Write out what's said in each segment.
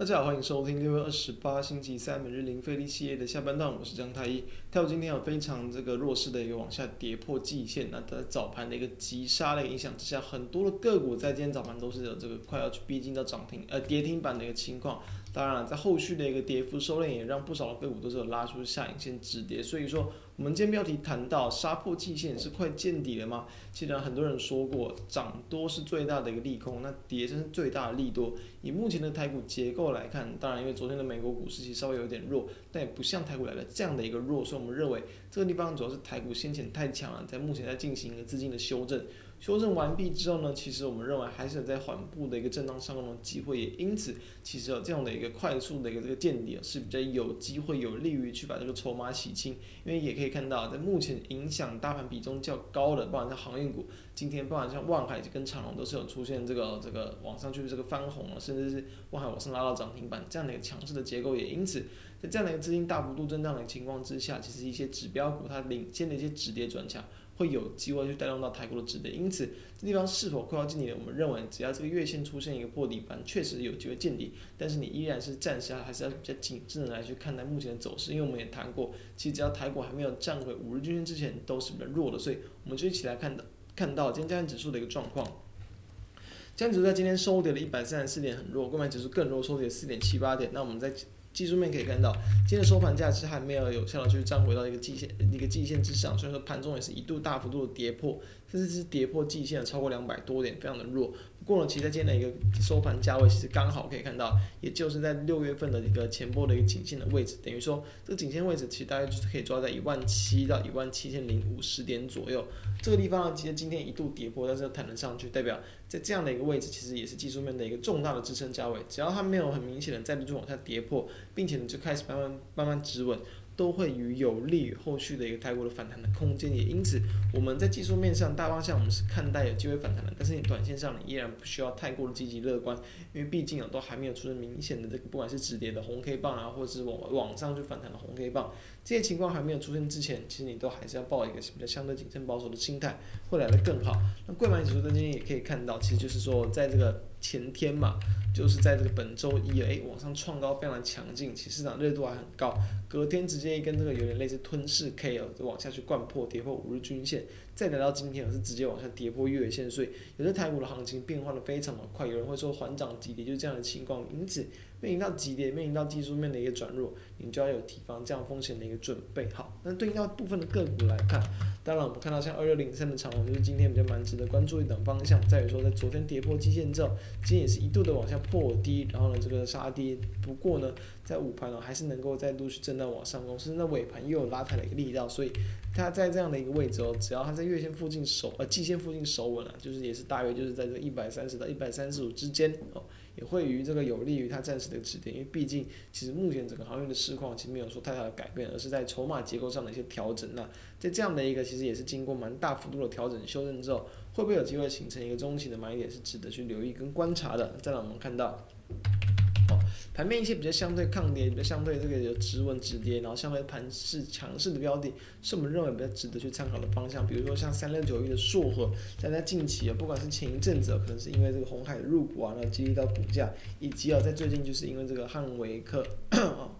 大家好，歡迎收聽六月二十八星期三每日零費力系列的下半段，我是張太一。還有今天有非常這個弱勢的一個往下跌破季線，那在早盤的一個急殺的一個影響之下，很多的個股在今天早盤都是有這個快要去逼近到漲停呃跌停板的一個情況。當然了，在後續的一個跌幅收斂，也讓不少的個股都是有拉出下影線止跌。所以說，我們今天標題談到殺破季線是快見底了嗎？其實很多人說過，漲多是最大的一個利空，那跌是最大的利多。以目前的台股結構來看，當然，因為昨天的美國股市其實稍微有點弱，但也不像台股來的這樣的一個弱。所以，我們認為這個地方主要是台股先前太強了，在目前在進行一個資金的修正。修正完畢之後呢，其實我們認為還是有在緩步的一個震盪上攻的機會。也因此，其實有、哦、這樣的。一個快速的一個這個見底是比較有機會，有利於去把這個籌碼洗清，因為也可以看到，在目前影響大盤比重較高的，不管像航運股，今天不管像萬海跟長榮都是有出現這個這個往上去，就是這個翻紅，甚至是萬海往上拉到漲停板，這樣的一個強勢的結構。也因此，在這樣的一個資金大幅度增長的情況之下，其實一些指標股它領先的一些止跌轉強，會有機會去帶動到台股的止跌，因此這地方是否快要見底？我們認為只要這個月線出現一個破底板，確實有機會見底，但是你依然是暫時還是要比較謹慎的來去看待目前的走勢。因為我們也談過，其實只要台股還沒有站回五日均線之前，都是比較弱的。所以我們就一起來看的，看到今天加權指數的一個狀況，加權指數在今天收跌了一百三十四點，很弱，櫃買指數更弱，收跌四點七八點。那我們在。技術面可以看到，今日收盤價其實還沒有有效的，就是站回到一個季線、一個季線之上，所以說盤中也是一度大幅度的跌破，甚至是跌破季線超過兩百多點，非常的弱。過了，期，在它今天的一個收盤價位，其實剛好可以看到，也就是在六月份的一個前波的一個頸線的位置，等於說這個頸線位置其實大概就是可以抓在一萬七到一萬七千零五十點左右。這個地方呢，其實今天一度跌破，但是又彈了上去，代表在這樣的一個位置，其實也是技術面的一個重大的支撐價位。只要它沒有很明顯的再度就往下跌破，並且呢就開始慢慢慢慢止穩。都會與有利於後續的一個太過的反彈的空間，也因此我們在技術面上大方向我們是看待有機會反彈的，但是你短線上你依然不需要太過的積極樂觀，因為畢竟啊都還沒有出現明顯的這個不管是止跌的紅 K 棒啊，或者是往往上就反彈的紅 K 棒。這些情況還沒有出現之前，其實你都還是要抱一個比較相對謹慎保守的心態，會來得更好。那櫃買指數今天也可以看到，其實就是說在這個前天嘛，就是在這個本周一，誒、哎、往上創高非常的強勁，其實市場熱度還很高。隔天直接一根這個有點類似吞噬 K 了，就往下去摜破跌破五日均線，再來到今天是直接往下跌破月線，所以有些台股的行情變化的非常的快，有人會說緩漲急跌，就是這樣的情況，因此。面臨到級別、面臨到技術面的一個轉弱，你就要有提防這樣風險的一個準備。好，那對應到部分的個股來看，當然我們看到像二六零三的長榮，就是今天比較蠻值得關注一檔方向。在於說，在昨天跌破季線之後，今天也是一度的往下破低，然後呢，這個殺跌。不過呢，在午盤呢，還是能夠再度去震盪往上攻。甚至在尾盤又有拉抬的一個力道，所以它在這樣的一個位置哦、喔，只要它在月線附近守，呃，季線附近守穩了，就是也是大約就是在這一百三十到一百三十五之間哦、喔。也會於這個有利於它暫時的止跌，因為畢竟其實目前整個行業的市況其實沒有說太大的改變，而是在籌碼結構上的一些調整，啊。那在這樣的一個其實也是經過蠻大幅度的調整修正之後，會不會有機會形成一個中期的買點，是值得去留意跟觀察的。再讓我們看到。盤面一些比較相對抗跌，比較相對這個有止穩止跌，然後相對盤勢強勢的標的，是我們認為比較值得去參考的方向。比如說像三六九一的碩禾，但在近期啊，不管是前一陣子，可能是因為這個鴻海的入股，啊，然後激勵到股價，以及啊，在最近就是因為這個漢維克。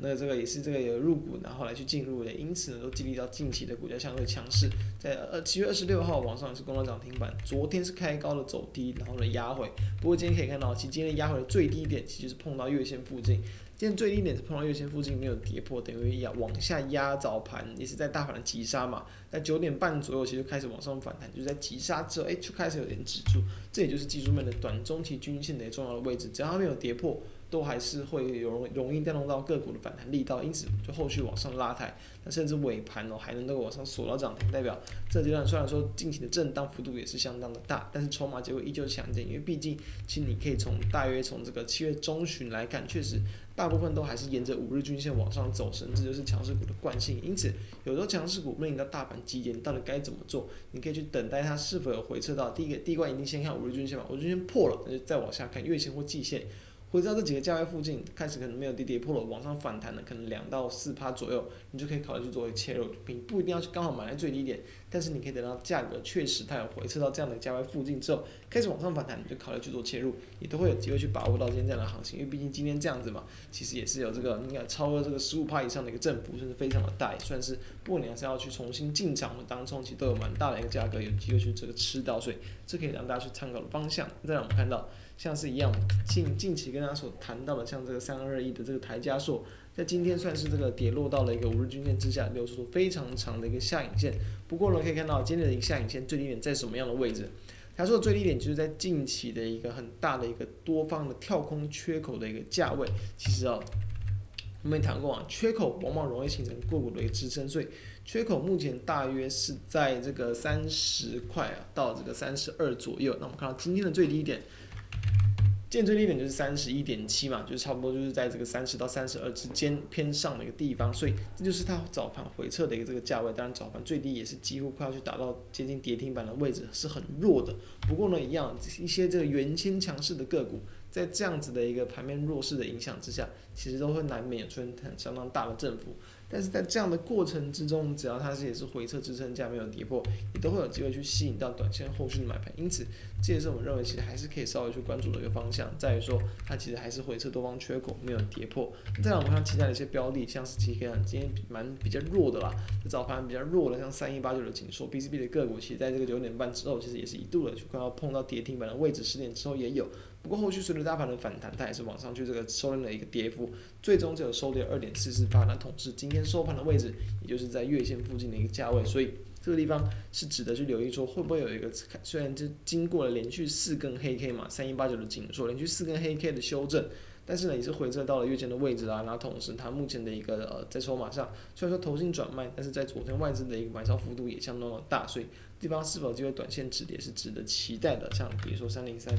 那這個也是這個有入股，然後,後來去進入的，因此呢，都激勵到近期的股價相對強勢。在呃七月二十六號往上也是攻到漲停板，昨天是開高的走低，然後呢壓回。不過今天可以看到，其今天壓回的最低點其實就是碰到月線附近。今天最低點是碰到月線附近沒有跌破，等於壓往下壓。早盤也是在大盤的急殺嘛。在九點半左右其實就開始往上反彈，就是在急殺之後，欸，就開始有點止住。這也就是技術面的短中期均線的一個重要的位置，只要它沒有跌破。都還是會有容易帶動到個股的反彈力道，因此就後續往上拉抬，那甚至尾盤哦還能夠往上鎖到漲停，代表這階段雖然說進行的震盪幅度也是相當的大，但是籌碼結構依舊強勁，因為畢竟其實你可以從大約從這個七月中旬來看，確實大部分都還是沿着五日均線往上走，甚至就是強勢股的慣性，因此有時候強勢股面臨到大盤急跌，你到底該怎麼做？你可以去等待它是否有回撤到第一個第一關，一定先看五日均線嘛，五日均線破了，那就再往下看月線或季線。回到這幾個價位附近，開始可能沒有跌跌破了，往上反彈的可能兩到四趴左右，你就可以考慮去做切入。並不一定要去剛好買在最低點，但是你可以等到價格確實它有回測到這樣的價位附近之後，開始往上反彈，你就考慮去做切入，也都會有機會去把握到今天這樣的行情。因為畢竟今天這樣子嘛，其實也是有這個應該超過這個十五趴以上的一個振幅，甚至非常的大，也算是不管你要是要去重新進場的當中，其實都有蠻大的一個價格有機會去這個吃到，所以這可以讓大家去參考的方向。再讓我們看到。像是一樣，近近期跟大家所談到的，像這個三二一的這個台加速，在今天算是這個跌落到了一個五日均線之下，流出了非常長的一個下影線。不過呢，可以看到今天的一個下影線最低點在什麼樣的位置？台的最低點就是在近期的一個很大的一個多方的跳空缺口的一個價位。其實啊，我們也談過啊，缺口往往容易形成個股的一個支撐，所以缺口目前大約是在這個三十塊啊到這個三十二左右。那我們看到今天的最低點。見最低點就是三十一點七嘛，就是差不多就是在這個三十到三十二之間偏上的一個地方，所以這就是它早盤回撤的一個這個價位。當然早盤最低也是幾乎快要去達到接近跌停板的位置，是很弱的。不過呢，一樣一些這個原先強勢的個股，在這樣子的一個盤面弱勢的影響之下，其實都會難免出現很相當大的振幅。但是在這樣的過程之中，只要它是也是回撤支撐價沒有跌破，也都會有機會去吸引到短線後續的買盤，因此這也是我們認為其實還是可以稍微去關注的一個方向，在於說它其實還是回撤多方缺口沒有跌破。再來我們看其他的一些標的，像是 TCL，今天蠻比，比較弱的啦，這早盤比較弱的，像三一八九的緊縮，B C B 的個股，其實在這個九點半之後，其實也是一度的去看到碰到跌停板的位置，十點之後也有。不過後續隨着大盤的反彈，它也是往上去這個收斂了一個跌幅，最終只有收跌二點四四八。那同時今天收盤的位置，也就是在月線附近的一個價位，所以這個地方是值得去留意，說會不會有一個雖然這經過了連續四根黑 K 嘛，三一八九的緊縮，連續四根黑 K 的修正，但是呢也是回測到了月線的位置啊。那同時它目前的一個呃在籌碼上，雖然說投信轉賣，但是在昨天外資的一個買超幅度也相當的大，所以地方是否就有會短線止跌是值得期待的。像比如說三零三。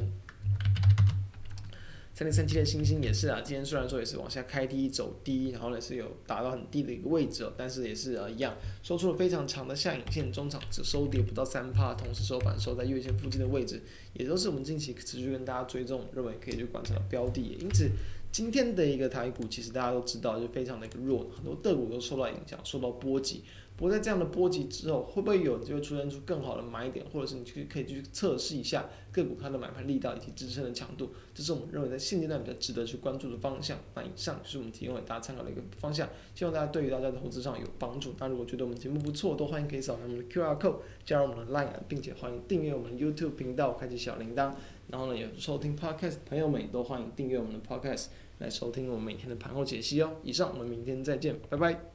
三零三七的欣興，也是啊，今天雖然說也是往下開低走低，然後呢是有達到很低的一個位置哦，但是也是啊，一樣收出了非常長的下影線，中場只收跌不到三趴，同時收盤收在月線附近的位置，也都是我們近期持續跟大家追蹤，認為可以去觀察的標的，因此。今天的一個台股，其實大家都知道，就非常的一個弱，很多個股都受到影響，受到波及。不過在這樣的波及之後，會不會有就會出現出更好的買點，或者是你去可以去測試一下個股它的買盤力道以及支撐的強度？這是我們認為在現階段比較值得去關注的方向。那以上就是我們提供給大家參考的一個方向，希望大家對於大家的投資上有幫助。那如果覺得我們節目不錯，都歡迎可以掃描我們的 QR code，加入我們的 Line，並且歡迎訂閱我們的 YouTube 頻道，開啟小鈴鐺。然後呢，有收聽 Podcast，朋友們都歡迎訂閱我們的 Podcast，來收聽我們每天的盤後解析哦。以上，我們明天再見，拜拜。